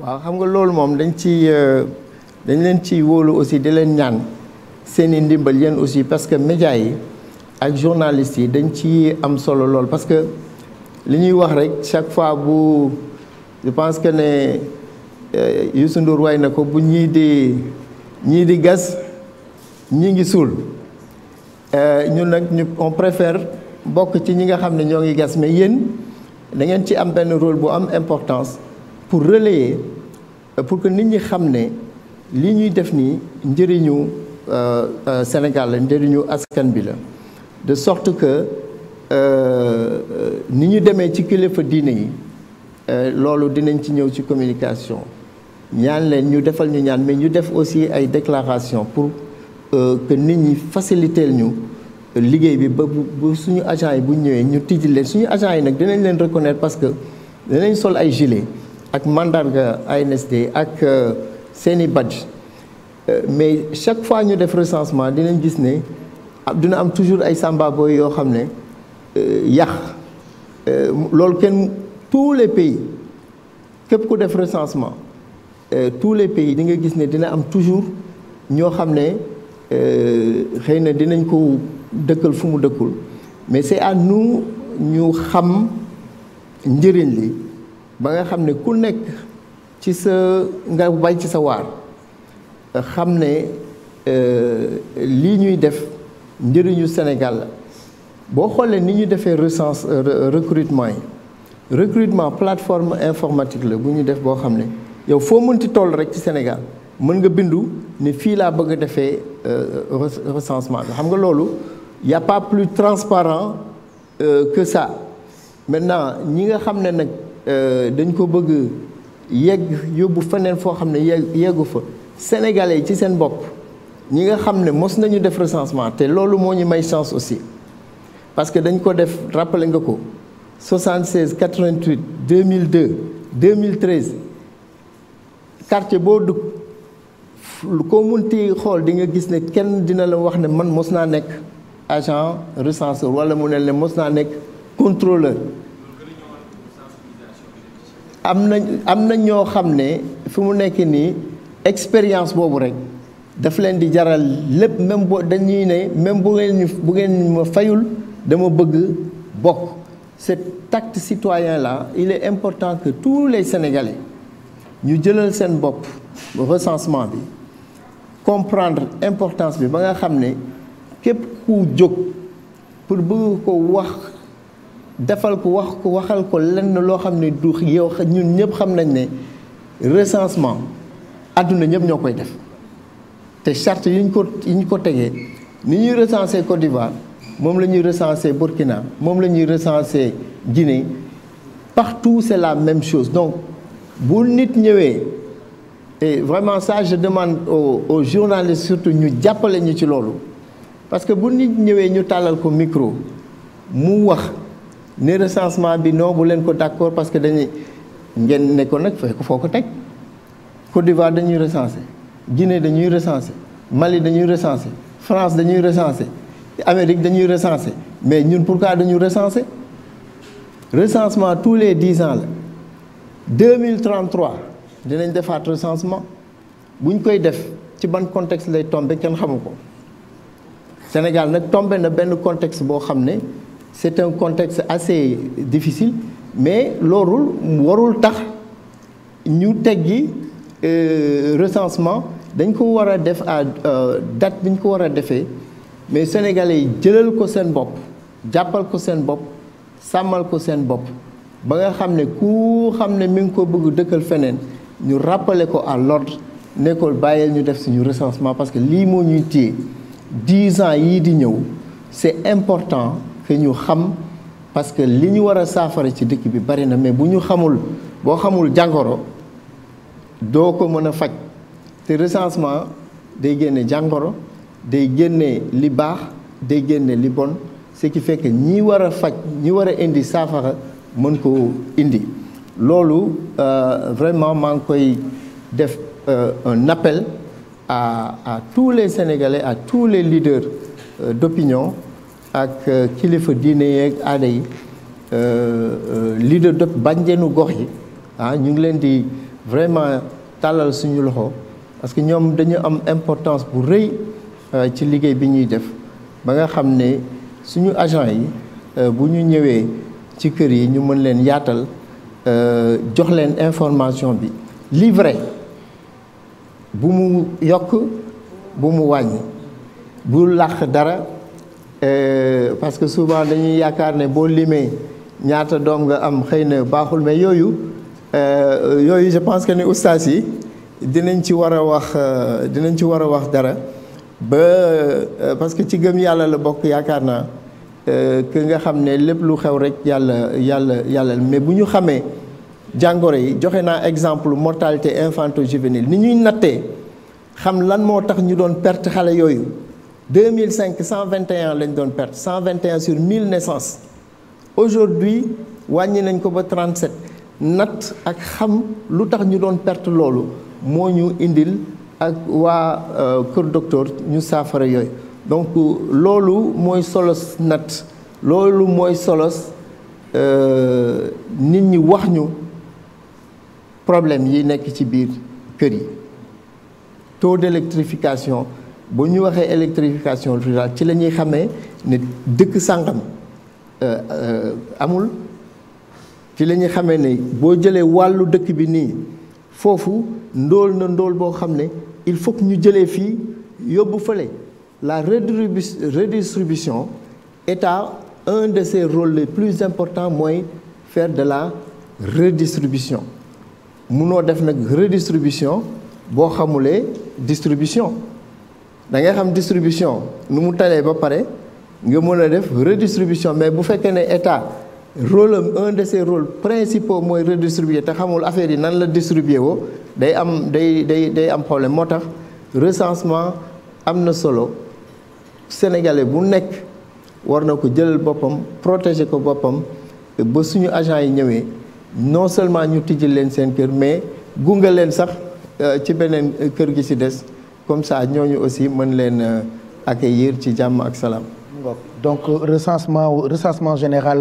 waaw xam nga loolu moom dañ ci euh, dañ leen ci wóolu aussi di leen ñaan seeni ndimbal yéen aussi parce que médias yi ak journalistes yi dañ ci am solo lool parce que li ñuy wax rek chaque fois bu je pense que ne euh, Youssou Ndour waay na ko bu ñii di ñii di gas ñi ngi suul euh, ñun nag ñu on préfère bokk ci ñi nga xam ne ñoo ngi gas mais yéen da ngeen ci am benn rôle bu am importance pour relayer euh, pour que nit ñi xam ne li ñuy def nii njëriñu euh, euh, Sénégal la njëriñu askan bi la de sorte que ni ñu demee ci kilifa diine yi loolu dinañ ci ñëw ci communication ñaan leen ñu defal ñu ñaan mais ñu def aussi ay déclaration pour que nit ñi faciliter ñu liggéey bi ba bu suñu agent yi bu ñëwee ñu tijji leen suñu agent yi nag dinañ leen reconnaître parce que dinañ sol ay gilet ak mandarga ANSD ak euh, seeni badge euh, mais chaque fois ñu def recensement dinañ gis ne ah, dina am toujours ay samba yoo xam ne euh, yàq loolu kenn tous les pays képp ku def recensement tous les pays di nga gis ne dina am toujours ñoo xam ne xëy na dinañ ko dëkkal fu mu dëkkul mais c'est à nous ñu xam njëriñ li ba nga xam ne ku nekk ci sa nga bay ci sa waar xam ne euh, lii ñuy def njëriñu Sénégal la boo xoolee ni ñu defee recense recrutement yi recrutement plateforme informatique la bu ñu def boo xam ne yow foo mënti toll rek ci Sénégal mën nga bindu ni fii laa bëgg a defee euh, recensement bi xam nga loolu y a pas plus euh, maintenant ñi nga xam ne nag Euh, dañ ko bëgg yegg yóbbu feneen foo xam ne yegg yeggu fa sénégalais yi ci seen bopp ñi nga xam ne mos nañu def recensement te loolu moo ñu may chance aussi parce que dañ ko def rappelé nga ko 76 88 2002 2013 quartier boo dugg lu ko munti xool di nga gis ne kenn dina la wax ne man mos naa nekk agent recenseur wala mu ne la mos naa nekk contrôleur am na am na ñoo xam ne fi mu nekk nii expérience boobu rek daf leen di jaral lépp même boo dañuy ne même bu ngeen ñu bu ngeen ma fayul dama bëgg bokk cet acte citoyen là il est important que tous les Sénégalais ñu jëlal seen bopp recensement bi comprendre importance bi ba nga xam ne képp ku jóg pour bëgg ko wax defal ko wax ko waxal ko lenn loo xam ne du yow ñun ñëpp xam nañ ne recensement àdduna ñëpp ñoo koy def te charte yi ñu ko yi ñu ko tegee ni ñuy recenser Côte d'Ivoire moom la ñuy recenser Burkina moom la ñuy recenser Guinée partout c'est la même chose donc bu nit ñëwee et vraiment ça je demande aux aux journalistes surtout ñu jàppale ñu ci loolu parce que bu nit ñëwee ñu tàllal ko micro mu wax. ni recensement bi non bu leen ko d'accord parce que dañuy ngeen ne ko nag fay ko foo ko teg Côte d'Ivoire dañuy recenser Guinée dañuy recenser Mali dañuy recenser France dañuy recenser Amérique dañuy recenser mais ñun pour pourquoi dañu recenser recensement tous les dix ans la 2033 dinañ defaat recensement bu ñu koy def ci ban contexte lay tombe kenn xamu ko Sénégal nag tombe na benn contexte boo xam ne c'est un contexte assez difficile mais loolu warul tax ñu teggi euh, recensement dañ ko war a def à euh, date bi ñu ko war a defee mais sénégalais yi jëlal ko seen bopp jàppal ko seen bopp sàmmal ko seen bopp ba nga xam ne ku xam ne mi ngi ko bëgg dëkkal feneen ñu rappeler ko à l'ordre nekkool bàyyil ñu def suñu recensement parce que lii moo ñuy téye dix ans yii di ñëw c'est important que ñu xam parce que li ñu war a saafara ci dëkk bi bari na mais bu ñu xamul boo xamul jàngoro doo ko mën a faj te recensement day génne jàngoro day génne li baax day génne li bon ce qui fekk que ñi war a faj ñi war a indi saafara mën ko indi loolu euh, vraiment maa ngi koy def euh, un nappel à à tous les Sénégalais à tous les leaders euh, d'opinion ak euh, kilifa diine yeeg aada yi euh, euh, leader de bànjeenu gox yi ah ñu ngi leen di vraiment tàllal suñu loxo parce que ñoom dañu am importance bu rëy ci liggéey bi ñuy def ba nga xam ne suñu agent yi bu ñu ñëwee ci kër yi ñu mën leen yaatal jox leen information bi livré bu mu yokk bu mu wàññi bu làq dara Euh, parce que souvent dañuy yaakaar ne boo limee ñaata doom nga am xëy na baaxul mais yooyu euh, yooyu je pense que ni ustaas yi dinañ ci war a wax euh, dinañ ci war a wax dara ba parce que ci gëm yàlla la bokk yaakaar naa que nga xam ne lépp lu xew rek yàlla yàlla yàlla mais bu ñu xamee jàngoro yi joxe naa exemple mortalité infanto juvénile ni ñuy nattee xam lan moo tax ñu doon perte xale yooyu 2005 121 lañ doon perte 121 sur 1000 naissances aujourd'hui wàññi nañ ko ba 37 natt ak xam lu tax ñu doon perte loolu moo ñu indil ak waa euh, kër docteur ñu saafara yooyu donc loolu mooy solos natt loolu mooy solos euh, nit ñi wax ñu problème yi nekk ci biir kër yi taux d'électrification bu ñu waxee électrification rurale ci la ñuy xamee ne dëkk sàngam euh, euh, amul ci lañuy ñuy xamee ne boo jëlee wàllu dëkk bi nii foofu ndóol na ndóol boo xam ne il faut ñu jëlee fii yóbbu fële la redistribution est un de ses rôles les plus importants mooy faire de la redistribution munoo def nag redistribution boo xamulee distribution da ngay xam distribution ni mu talee ba pare nga mën a def redistribution mais bu fekkee ne état rôle am un de ses rôles principaux mooy redistribuer te xamul affaire yi nan la distribuer woo day am day day day am problème moo tax recensement am na solo sénégalais bu nekk war na ko jëlal boppam protéger ko boppam ba suñu agent yi ñëwee non seulement ñu tijji leen seen kër mais gunge leen sax euh, ci beneen euh, kër gi ci des comme ça ñooñu aussi mën leen euh, accueillir ci jàmm ak salaam. donc recensement recensement général.